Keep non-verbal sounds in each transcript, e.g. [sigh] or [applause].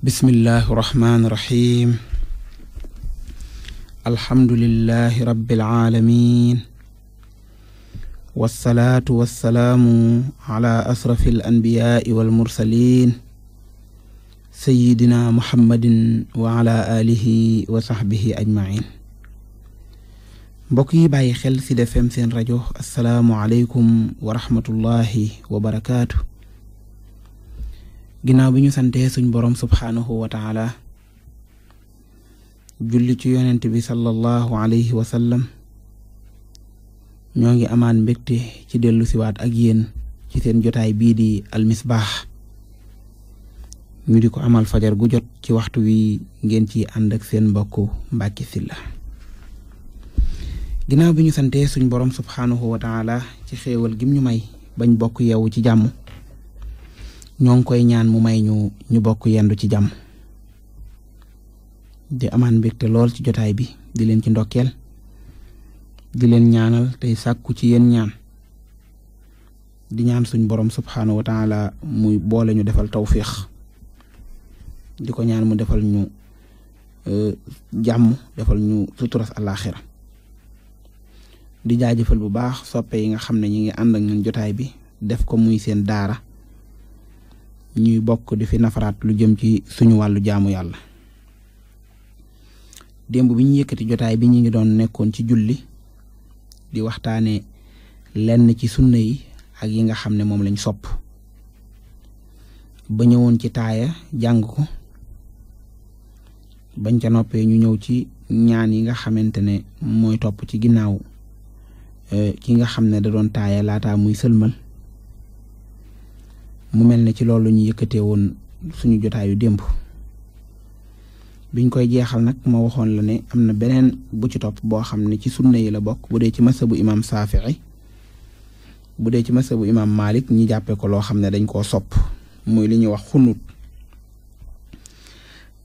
bismillahi irrahmaani irrahim alhamdulilahi rabiilalamin walsalaatu walsalaamu ala asrafi al anbiyaai walmursalin sayidina muhammadin wa ala alihi wa saxbihi ajmain mbokk yi bàyyi xel ci Sud FM seen rajo asalaamualeykum wa rahmatullahi wa barakaatu ginnaaw bi ñu santee suñ boroom subxaanahu wa taala julli ci yonent bi sallallahu alayhi wa sallam ñoo ngi amaan mbégte ci dellu siwaat ak yéen ci seen jotaay bii di almisbaax ñu di ko amal fajar gu jot ci waxtu wi ngeen ci ànd seen mbokk Mbàkke Sylla ginaaw bi ñu santee suñ boroom subxaanahu wa taala ci xéewal gim ñu may bañ bokk yeewu ci jàmm ñoo ngi koy ñaan mu may ñu ñu bokk yendu ci jàmm di amaan mbégte lool ci jotaay bi di leen ci ndokkeel di leen ñaanal tey sàkku ci yéen ñaan di ñaan suñ borom subxanahu wa muy boole ñu defal tawféex di ko ñaan mu defal ñu e, jàmm defal ñu suturas àllaaxira di jaajëfal bu baax soppe yi nga xam ne ñu ngi ànd ak jotaay bi def ko muy seen daara. ñuy bokk di fi nafaraat lu jëm ci suñu wàllu jaamu yàlla démb bi ñu yëkkati jotaay bi ñu ngi doon nekkoon ci julli di waxtaane lenn ci sunna yi ak yi nga xam ne moom lañu sopp ba ñëwoon ci taaya jàng ko bañ ca noppee ñu ñëw ci ñaan yi nga xamante ne mooy topp ci ginnaaw eh, ki nga xam ne da doon taaya laataa muy sëlmal mu mel ne ci loolu ñu yëkkatee woon suñu jotaayu démb biñ koy jeexal nag ma waxoon la ne am na beneen bu ci topp boo xam ne ci sunna yi la bokk bu dee ci masabu imaam Saafi'i bu dee ci masabu imaam Maalik ñi jàppee ko loo xam ne dañ koo sopp muy li ñuy wax xunuut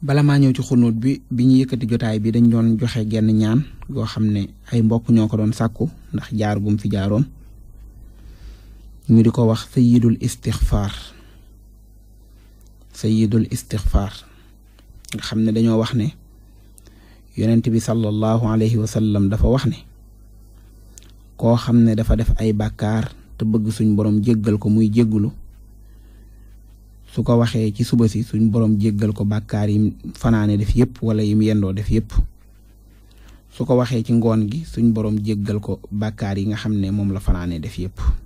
bala maa ñëw ci xunuut bi bi ñu yëkkati jotaay bi dañ doon joxe genn ñaan yoo xam ne ay mbokk ñoo ko doon sàkku ndax jaar gum fi jaaroon ñu di ko wax sayidul istixfaar sayidul istixfaar nga xam ne dañoo wax ne yonent bi sallallahu alayhi wa dafa wax ne koo xam ne dafa def ay bàkkaar te bëgg suñ borom jéggal ko muy jéggulu su ko waxee ci suba si suñ borom jéggal ko bàkkaar yi fanaane def yépp wala yim yendoo def yépp su ko waxee ci ngoon gi suñ borom jéggal ko bàkkaar yi nga xam ne moom la fanaane def yépp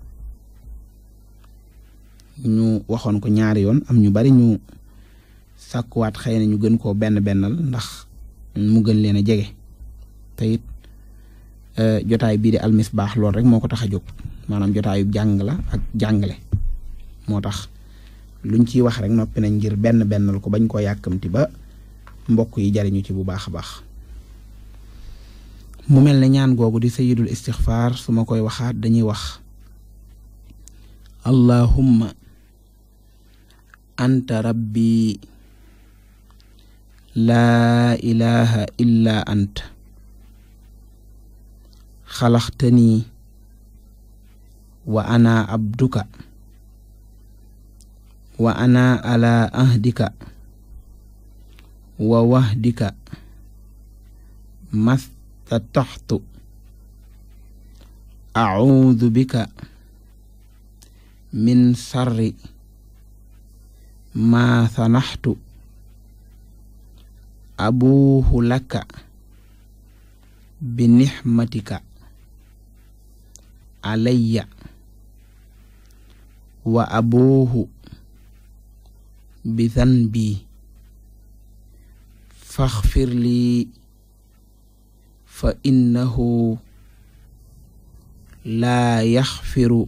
ñu waxoon ko ñaari yoon am ñu bari ñu sàkkuwaat xëy na ñu gën koo benn bennal ndax mu gën leen a jege te it biir e, bii di baax lool rek moo ko tax a jóg maanaam jotaayu jàng la ak jàngale moo tax luñ ciy wax rek noppi nañ ngir benn bennal ko bañ koo yàkkamti ba mbokk yi jariñu ci bu baax a baax mu mel ne ñaan googu di sayyidul istixfaar su ma koy waxaat dañuy wax allahumma anta rabbi laa ilaha illa anta xalaxtani wa ana abduka wa ana ala ahdika wa wahdika mastataxtu acuudu bika min sarri maa sanaxtu abuuhu laka bi nixmatika alayya wa abuuhu bi danbi faxfir lii fa innahu laa yaxfiru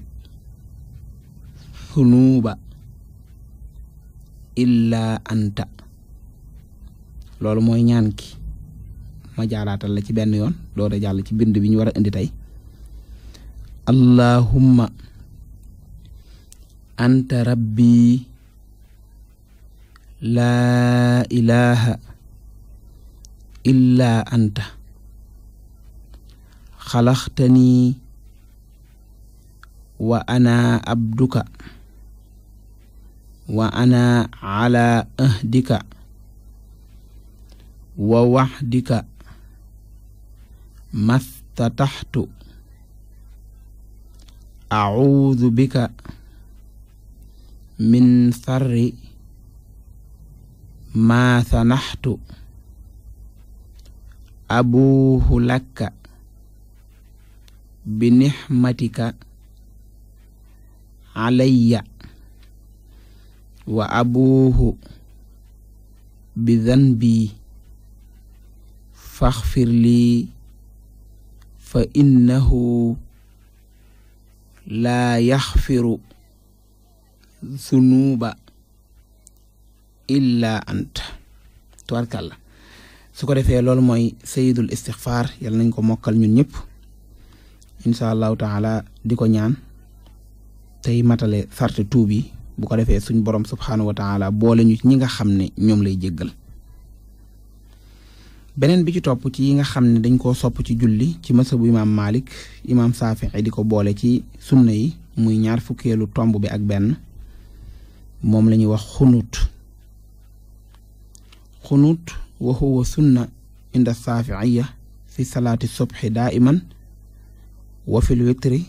xunuuba illaa anta loolu mooy ñaan ki ma jaalaatal la ci benn yoon door a jàll ci bind bi ñu war a indi tey allahumma anta rabbi laa ilaha illa anta xalaxtani wa ana abduka wa ana ala ahdika wa waxdika mastataxtu acuudu bika min sarri maa sanaxtu abuuhu lakka bi nixmatika calayya wa abuuhu bi danbi faxfir lii fa innahu laa yaxfiru zunuuba illa ant tubarkàlla su ko defee loolu mooy sayidul istixfaar yal nañ ko mokkal ñun ñëpp incha allahu taala di ko ñaan tey matale sarte bu ko defee suñ borom subxanahu wa ta'ala boole ñu ñi nga xam ne ñoom lay jéggal beneen bi ci topp ci nga xam ne dañ koo sopp ci julli ci masabu imaam Malik imaam Saafi'i di ko boole ci sunna yi muy ñaar fukkeelu tomb bi ak benn moom lañuy wax xunuut xunuut wa huwa sunna inda saafi'iyya fi salaati subxi daa'iman wa fil witri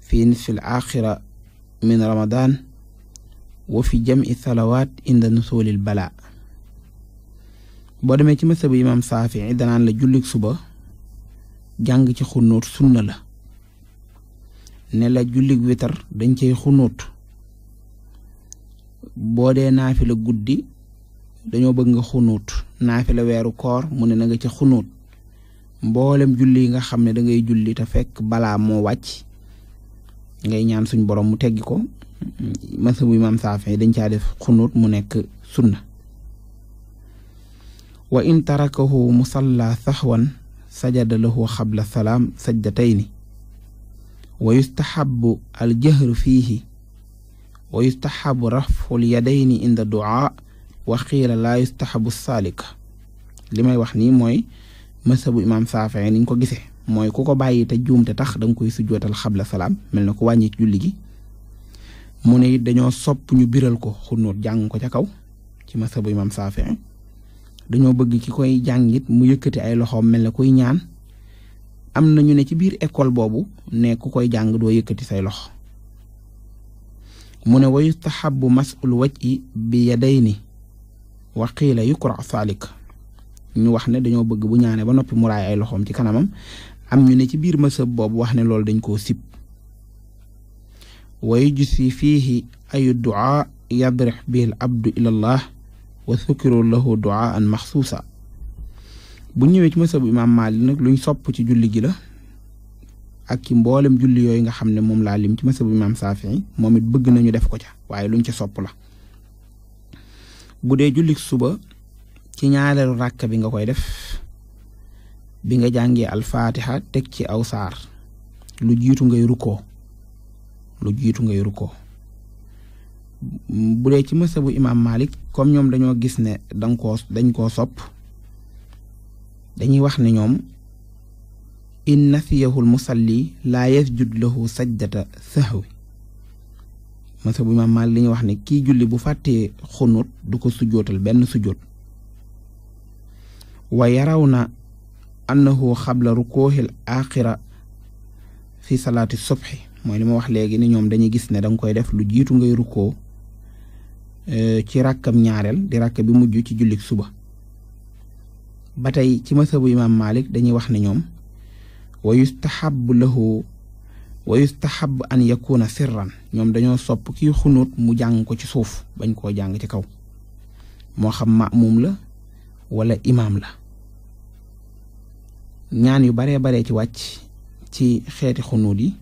fi nisfil aaxira min Ramadan. wa fi jam'i salawaat inda nusulil balaa boo demee ci masabu imam Saafi danaan la jullig suba jàng ci xunóot sunna la ne la jullik witar dañ cay xunóot boo dee naafi la guddi dañoo bëgg nga xunóot naafi la weeru koor mu ne na nga ci xunóot mboolem julli yi nga xam ne dangay ngay fekk balaa moo wàcc ngay ñaan suñ boroom mu teggi ko masabu imaam Saafi dañ caa def xunuut mu nekk sunna wa in tarakahu musalla saxwan sajada xabla salaam sajdatayni wa yustaxabu aljahru fiihi wa yustaxabu raful yadayni inda duaa wa xiila laa yustaxabu saalika li may wax nii mooy masabu saafa Saafi niñ ko gisee mooy ku ko bàyyi te juumte tax danga koy sujjootal xabla salaam mel na ko wàññi julli gi mu ne it dañoo sopp ñu biral ko xunóot jàng ko ca kaw ci masabu imam Saafi dañoo bëgg ci koy jàng mu yëkkati ay loxoom mel ne kuy ñaan am na ñu ne ci biir école boobu ne ku koy jàng doo yëkkati say lox mu ne wa yustahabu masul wajhi bi yadayni wa qiila yukra saalik ñu wax ne dañoo bëgg bu ñaane ba noppi mu ay loxoom ci kanamam am ñu ne ci biir masab boobu wax ne loolu dañ koo sib way yujsi si fii ducaa yadrix bihi al abdu ila allah wa sukiru lahu ducaan maxsuusa bu ñëwee ci masabu imaam Maalik nag luñ sopp ci julli gi la ak ci mboolem julli yooyu nga xam ne moom laa lim ci masabu imaam Saafii moom it bëgg nañu def ko ca waaye luñ ci sopp la bu dee julli suba ci ñaareelu ràkk bi nga koy def bi nga jàngee alfaatiha teg ci aw saar lu jiitu ngay rukkoo lu jiitu ngay rukkoo mm, bu dee ci mësa bu imaam Malik comme ñoom dañoo gis ne danga dañ koo sopp dañuy wax ne ñoom in nasiyahul musalli laa yasjud lahu sajdata sahwi mësa bu imaam Malik dañuy wax ne kii julli bu fàttee xunut du ko sujjootal benn sujjoot wa yaraw na annahu xabla rukkoohil aaxira fi salaati subxi mooy li ma wax léegi ni ñoom dañuy gis ne danga koy def lu jiitu ngay rukkoo euh, ci rakkam ñaareel di rakk bi mujj ci jullik suba ba tey ci masabu imaam Malik dañuy wax ne ñoom wa yustahabu lahu wa yustahabu an yakuna sirran ñoom dañoo sopp kii xunuut mu jàng ko ci suuf bañ koo jàng ci kaw moo xam maamum la walla imaam la ñaan yu baree baree ci wàcc ci xeeti xunuut yi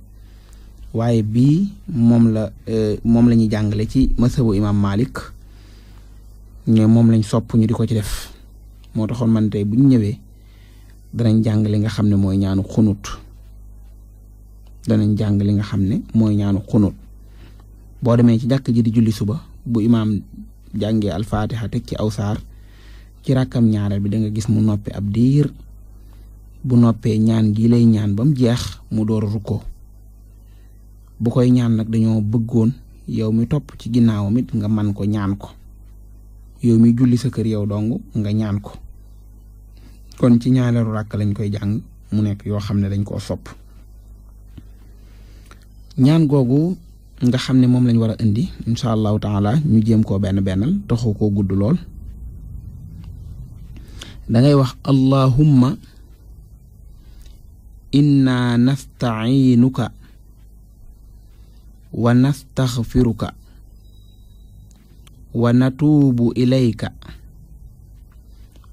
waaye bii moom la euh, moom la ñuy jàngale ci masabu imam Malik ñoom moom lañ sopp ñu di ko ci def moo taxoon man tey bu ñu ñëwee danañ jàng li nga xam ne mooy ñaanu xunut danañ jàng li nga xam ne mooy ñaanu xunut boo demee ci jàkk ji di julli suba bu imaam jàngee alfaatiha teg ci aw saar ci rakkam ñaareel bi da nga gis mu noppee ab diir bu noppee ñaan gii ñaan ba mu jeex mu door rukkoo bu koy ñaan nag dañoo bëggoon yow mi topp ci ginnaawam it nga man ko ñaan ko yow mi julli sa kër yow dong nga ñaan ko kon ci ñaareelu ràkk lañ koy jàng mu nekk yoo xam ne dañ koo sopp ñaan googu nga xam ne moom lañ war a indi incha allahu taala ñu jéem koo benn bennal taxu koo gudd lool wax allahumma inna wa nastaxfiruka wa natuubu ilayka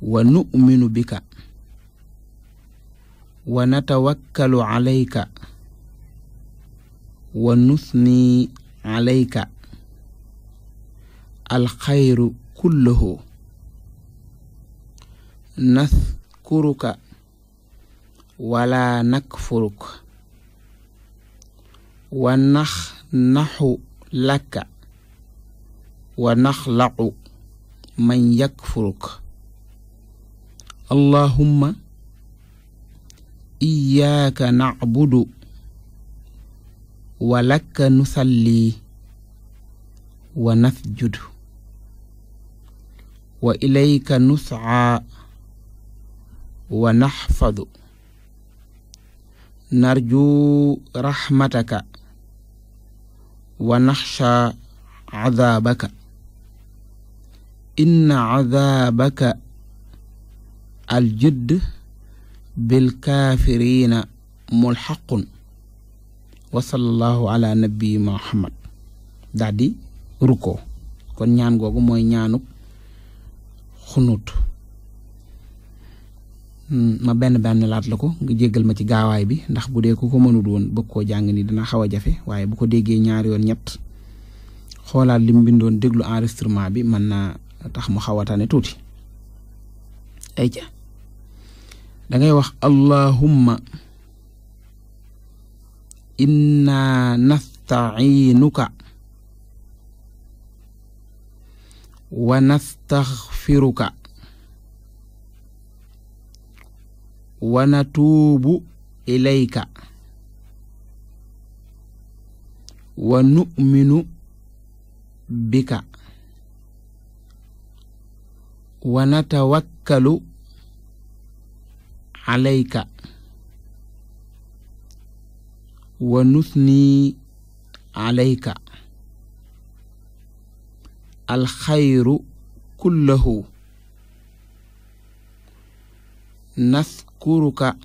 wa nu'minu bika wa natawakkalu alayka wa alayka alxayru kulluhu naskuruka wala nakfuruk wa naxu laka wa naxlaqu man yakfuruk allahumma iyaaka nacbudu wa laka nusalli wa nasjudu wa ilayka nuscaa wa naxfadu narju raxmataka wa naxsha cadaabaka inna cadaabaka aljudd bilkaafiriina mulxaqun wa sallallahu ala nabii muhammad daal di rukkoo kon ñaan googu mooy ñaanuk xunuut Hmm, ma benn benn laat la ko nga ma ci gaawaay bi ndax bu dee ku ko mënul woon bëgg koo jàng ni dina xaw a jafe waaye bu ko déggee ñaari yoon ñett xoolaat li mu bindoon déglu enregistrement bi mën naa tax mu xaw a tane tuuti ay ca dangay wax allahumma inna nasta'inuka wa nastaghfiruka wa natuubu ilayka wa nu'minu bika wa natawakkalu alayka wa nusni alayka alxayru kullahu nas nadkuruka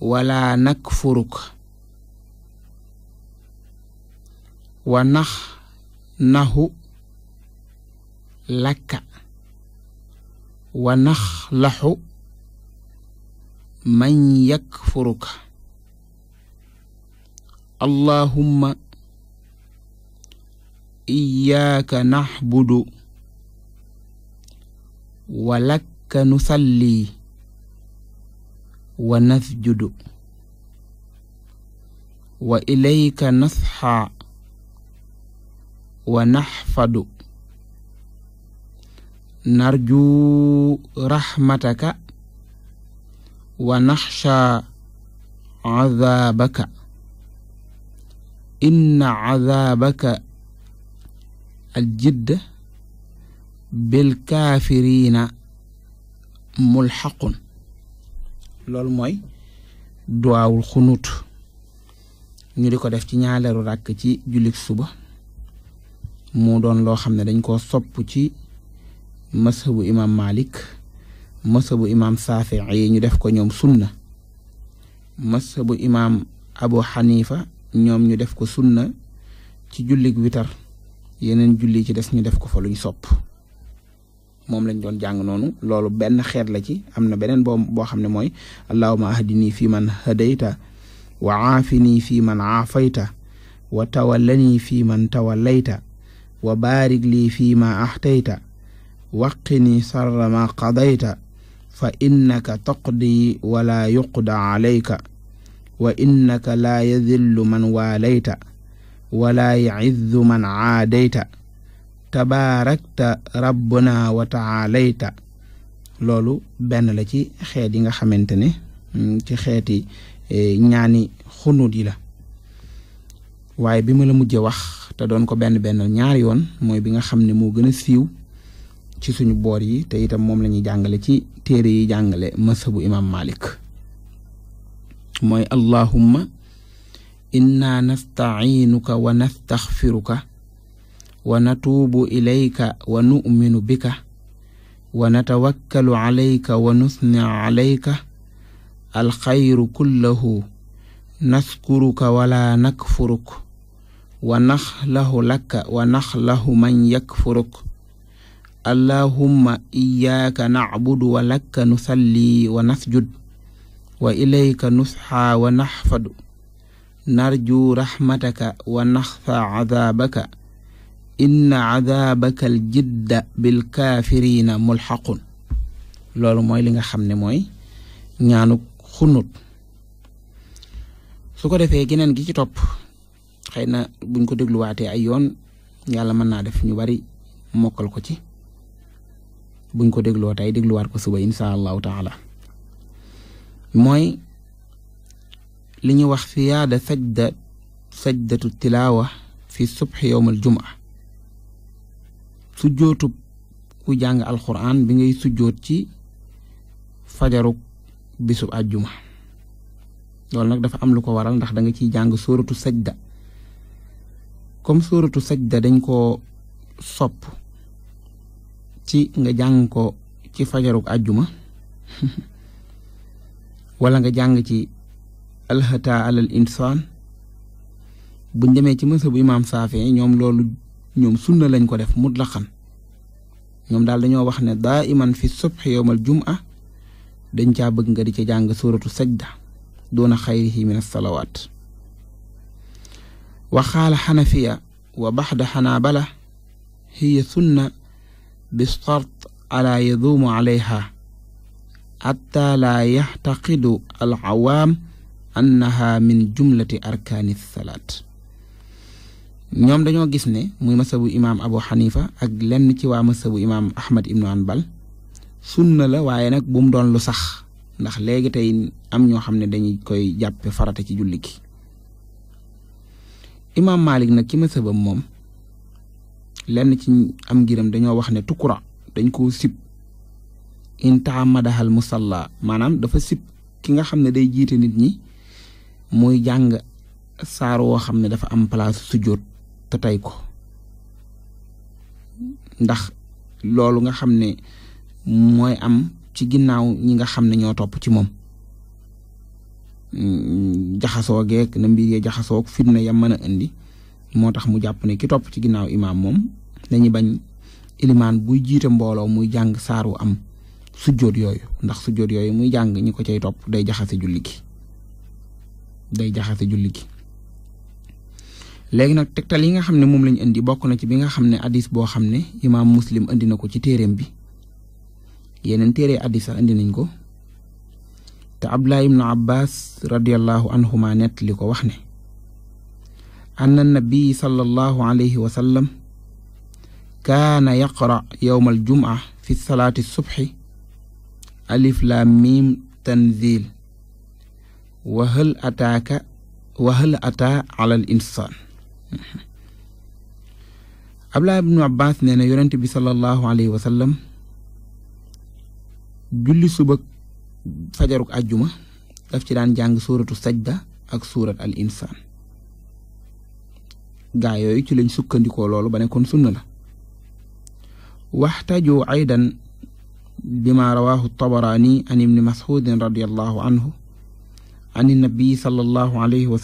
wala nakfuruka wa nax nahu lakka wa nax laxu man yakfuruka allahumma iyaaka naxbudu wa lakka nusalli wa nasjudu wa ilayka nasxaa wa naxfadu narju raxmataka wa naxsha cadaabaka inna cadaabaka aljidd bilkaafiriina mulxaqun loolu mooy duwaawul xunuut ñu di ko def ci ñaaleelu ràkk ci jullit suba mu doon loo xam ne dañ koo sopp ci mashabu imaam Malik mashabu imaam Saafi yi ñu def ko ñoom sunna mashabu imaam Abu Xanifa ñoom ñu def ko sunna ci jullik witar yeneen julli ci des ñu def ko fa sopp moom lañ doon jàng noonu loolu benn xeet la ci am na beneen boo boo xam ne mooy allahuma ahdini fi man hadayta wa aafini fi man aafayta wa tawallani fi man tawallayta wa baarik lii fi ma axtayta waqini sarra ma qadayta fa innaka wala yuqda alayka wa innaka laa yadillu man waalayta wala yacizzu man tabaarakta rabbuna wa taalayta loolu benn la ci xeet yi nga xamante ne mm, ci xeeti e, ñaani xunuut yi la waaye bi ma la mujjee wax te doon ko benn benn ñaari yoon mooy bi nga xam ne moo gën a siiw ci suñu boor yi te itam moom lañuy jàngale ci téere yi jàngale masabu imam malik mooy allahumma inna nastainuka wa nastaxfiruka wa natuubu ilayka wa nu'minu bika wa natawakkalu alayka wa nusni alayka alxayru kullahu naskuruka wala nakfuruk wa naxlahu laka wa naxlahu man yakfuruk allahumma iyaaka nacbudu wa laka nusalli wa nasjud wa ilayka nusxaa wa naxfadu narju raxmataka wa naxsa cadaabaka inna cadaabaka aljidda bilkaafirina mulxaqun loolu mooy li nga xam ne mooy ñaanuk xunut su ko defee geneen gi ci topp xëy na buñ ko dégluwaatee ay yoon yàlla mën naa def ñu bari mokkal ko ci buñ ko dégloo tey dégluwaat ko suba insha allahu taala mooy li ñu wax siyaada sajda sajdatu tilaawa fi subx yowm al sujjootub ku jàng alxuraan bi ngay sujjoot ci fajaruk bisub àjjuma loolu nag dafa am lu ko waral ndax da nga ciy jàng sóoratu sajda comme sóoratu sajda dañ koo sopp ci nga jàng ko ci fajaruk àjjuma [laughs] wala nga jàng ci alxataa alal insaan buñ demee ci mësa bu imaam saafe ñoom loolu ñoom sunna lañ ko def mutlaqan ñoom daal dañoo wax ne daa iman fi subhi yowmal jumaa dañ caa bëgg nga di ca jàng suratu sajda doona xayrihi min asalawaat wa xaala xanafiya wa baxda xanaabala hiya sunna bi shart ala yaduumu alayha xatta laa yaxtaqidu al awaam annaha min jumlati arkaani salaat ñoom dañoo gis ne muy masabu imaam Abu Hanifa ak lenn ci waa masabu imaam Ahmad ibnu Hanbal sunna la waaye nag bu doon lu sax ndax léegi tey am ñoo xam ne dañuy koy jàppe farate ci julli gi imaam Malik nag ci masabam moom lenn ci am ngiram dañoo wax ne tukura dañ koo sib intaamadahal musalla maanaam dafa sib ki nga xam ne day jiite nit ñi muy jàng saar woo xam ne dafa am place sujjóot te tey ko ndax loolu nga xam ne mooy am ci ginnaaw ñi nga xam ne ñoo topp ci moom mm, jaxasoo geek na mbir yee jaxasoo fitna ya mën a indi moo tax mu jàpp ne ki topp ci ginnaaw imaam moom dañuy bañ ilimaan buy jiite mbooloo muy jàng saaru am sujjóot yooyu ndax sujjóot yooyu muy jàng ñi ko cey topp day jaxase julli gi day jaxase julli gi léegi nag tegtal yi nga xam ne moom lañu indi bokk na ci bi nga xam ne addis boo xam ne imaam muslim indi na ko ci téereem bi yeneen téere addis sax indi nañ ko te abdullah ibnu abbas radiallahu anhuma nett li ko wax ne anna nabii sallallahu alayhi wa sallam fi salaati subxi alif laam miim tanzil wa hal ataaka wa hal ataa ala insaan Abdullah ibnu Abbas nee na yonent bi sallallahu alayhi wa julli suba fajaruk àjjuma daf ci daan jàng suuratu sajda ak suurat al insaan gaa yooyu ci lañ sukkandikoo loolu ba ne kon sunna la waxtaju aydan bima rawaahu tabaraani an ibni masxuudin radiallahu anhu an nabii sallallahu alayhi wa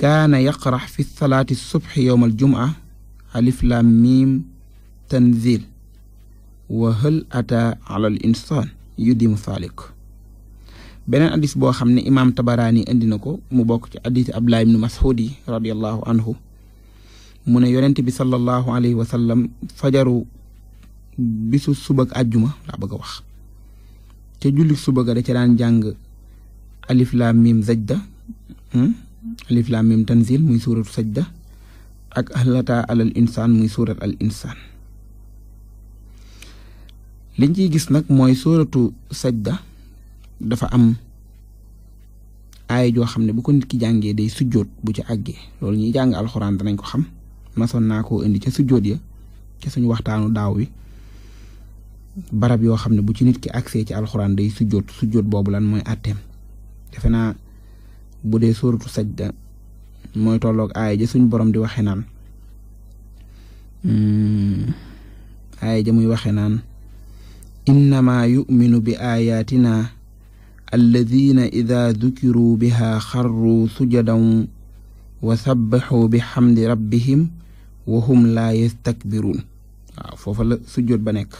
kaana yaqrax fi salaati subxi yowm aljumca miim tanzil wa hal ata ala al insaan yudimu saalik beneen addis boo xam ne imaam tabaraani indi na ko mu bokk ci addisi abdulaay ibnu radiallahu anhu mu ne yonent bi sallallahu alayhi wa fajaru bisu subag àjjuma laa a wax te julli suba ga ca daan jàng alif miim zajda hmm? alif laam miim tanzil muy suuratu sajda ak ahlata alal insaan muy suurat al insaan liñ ciy gis nag mooy suuratu sajda dafa am aay joo xam ne bu ko nit ki jàngee day sujjóot bu ci àggee loolu ñuy jàng alxuraan danañ ko xam masoon naa koo indi ca sujjoot ya ca suñu waxtaanu daaw wi barab yoo xam ne bu ci nit ki àgsee ci alxuraan day sujjoot sujjoot boobu lan mooy àtteem defe naa bu dee suuratu sajda mooy tolloog aaya ja suñ di waxe naan hmm. aaya ja muy waxe naan innama bi aayaatina alladina ida dukiruu biha xarruu sujadan wa sabbaxuu bi xamdi rabbihim wa hum la sujjóot ba nekk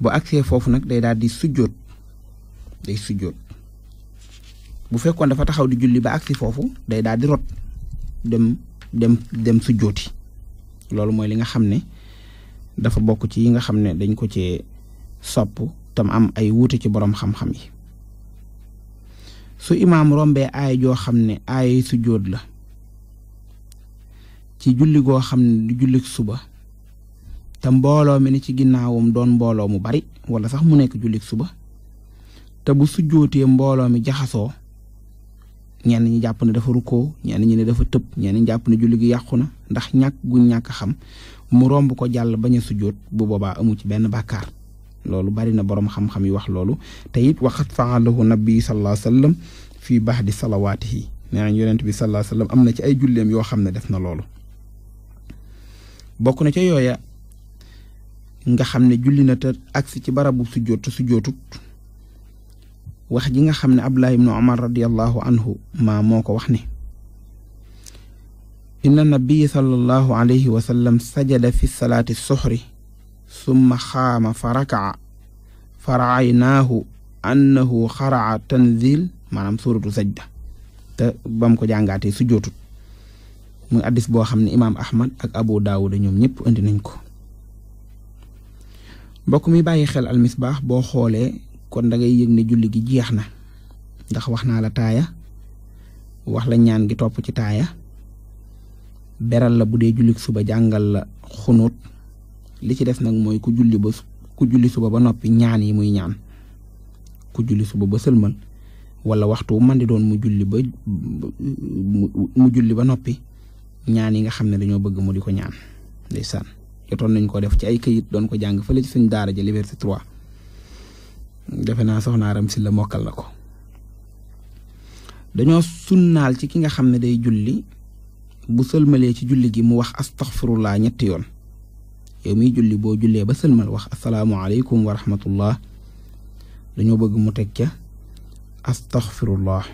bu agsee foofu nag day daal di bu fekkoon dafa taxaw di julli ba agsi foofu day daal di rot dem dem dem sujjooti loolu mooy li nga xam ne dafa bokk ci yi nga xam ne dañ ko ci sopp tam am ay wuute ci boroom xam-xam yi su imaam rombee aay joo xam ne aay sujjoot la ci julli goo xam ne du jullik suba te mbooloo mi ni ci ginnaawam doon mbooloo mu bari wala sax mu nekk julli suba te bu sujjootee mbooloo mi jaxasoo ñenn ñi jàpp na dafa rukkoo ñenn ñi ne dafa tëb ñenn ñi jàpp na julli gi yàqu na ndax ñàkk guñ ñàkk xam mu romb ko jàll bañ a sujjóot bu boobaa amu ci benn bàkkaar loolu bari na borom xam-xam yi wax loolu te it waxat faalahu nabi sallallahu alayhi wasallam fii ba'di salawaatihi nee nañ yonent bi sallallahu alayhi wasallam am na ci ay julleem yoo xam ne def na loolu bokk na ca yooya nga xam ne julli na te agsi ci barabu sujjóot te sujjóotut wax ji nga xam ne Abdullah ibnu Umar radiyallahu anhu ma moo ko wax ne inna nabiya sallallahu alayhi wa sallam sajada fi salaati suxri summa xaama fa rakaca fa raaynaahu annahu xaraca tanzil maanaam suuratu sajda te bam ko jàngaatee su jootut muy addis boo xam ne imaam Ahmad ak Abu Daawuda ñoom ñëpp indi nañ ko mbokk mi bàyyi xel almisbaax boo xoolee kon da ngay yëg ne julli gi jeex na ndax wax naa la taaya wax la ñaan gi topp ci taaya beral la bu dee julli suba jàngal la xunuut li ci des nag mooy ku julli julli suba ba noppi ñaan yi muy ñaan ku julli suba ba sëlmal wala waxtu man di doon mu julli ba mu julli ba noppi ñaan yi nga xam ne dañoo bëgg mu di ko ñaan ndeysaan nañ ko def ci ay kayit doon ko jàng fële ci suñ daara ja liberté 3 defe naa soxna Aram si la mokkal na ko dañoo sunnaal ci ki nga xam ne day julli bu sëlmalee ci julli gi mu wax astaxfirullah ñetti yoon yow miy julli boo jullee ba sëlmal wax asalaamualeykum wa rahmatullah dañoo bëgg mu teg ca astaxfirullah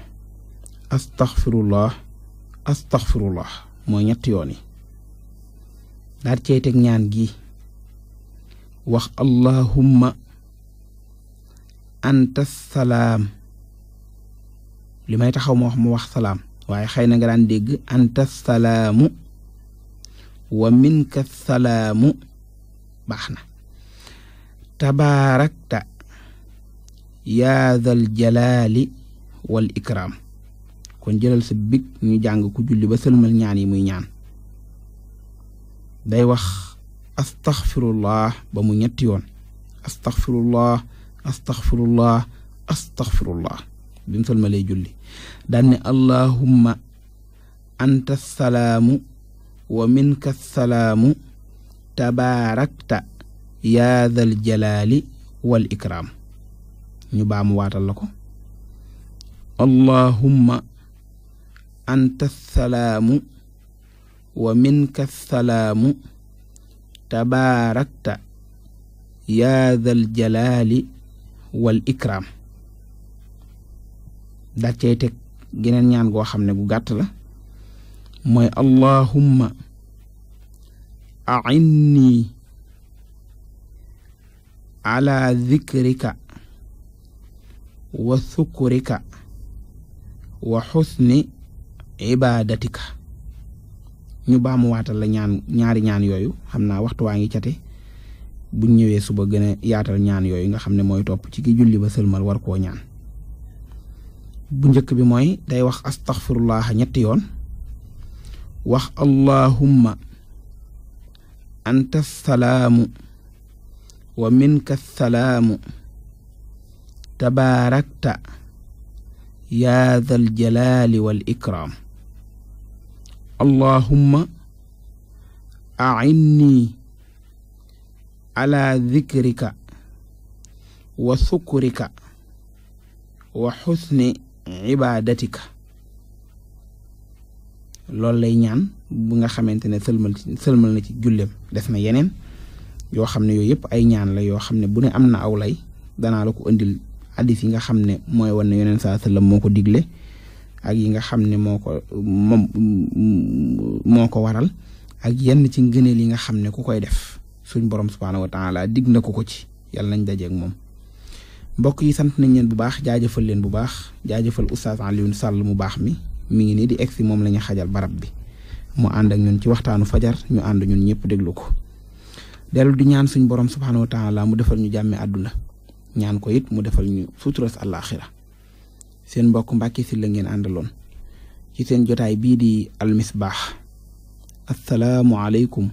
astaxfirullah astaxfirullah mooy ñetti yoon yi daal cey teg ñaan gi wax allahumma anta salaam li may taxaw ma wax mu wax salaam waaye xëy na nga daan dégg anta salaam wa minka salaamu baax na tabaarakta yaa zal jalaali wal ikraam kon jëlal sa big ñu jàng ku julli ba sëlmal ñaan yi muy ñaan day wax astaxfirullah ba mu ñetti yoon astaxfirullah astaghfirullah astaghfirullah bi mu salmalee julli daan ne allahumma anta salaamu wa minka salaamu tabaarakta yaa dal jalaali wal ikraam allahumma anta salaamu wa minka salaamu tabaarakta yaa dal jalaali wal ikraam daal cay teg geneen ñaan goo xam ne gu gàtt la mooy allahumma a'inni ala dhikrika wa thukurika wa xusni ibaadatika ñu baamuwaatal la ñaan ñaari ñaan yooyu xam naa waxtu waa ngi buñ ñëwee suba gën a yaatal ñaan yooyu nga xam ne mooy topp ci ki julli ba sëlmal war koo ñaan bu njëkk bi mooy day wax astaxfirullaah ñetti yoon wax allahumma anta salaamu wa minka salaamu tabaarakta yaa dal jalaali wal ikraam allahumma a'innii ala dhikrika wa sukurika wa xusni ibadatika loolu lay ñaan bu nga xamante ne sëlmal sëlmal na ci julleem def na yeneen yoo xam ne yooyu yëpp ay ñaan la yoo xam ne bu am na aw lay danaa la ko indil hadis nga xam ne mooy wan ne yeneen saa sallam moo ko digle ak yi nga xam ne moo ko ko waral ak yenn ci ngëneel yi nga xam ne ku koy def suñ borom subhaanahu wa taala dig na ko ko ci yàlla nañ dajeeg moom mbokk yi sant nañ leen bu baax jaajëfal leen bu baax jaajëfal oustaz Alioune sàll mu baax mi mu ngi nii di egsi moom la ñu xajal barab bi mu ànd ak ñun ci waxtaanu fajar ñu ànd ñun ñëpp déglu ko dellu di ñaan suñ borom subhaanahu wa taala mu defal ñu jàmme àdduna ñaan ko it mu defal ñu suturas àllaaxira seen mbokk Mbàkke Sylla ngeen àndaloon ci seen jotaay bii di almisbaax assalaamu aleykum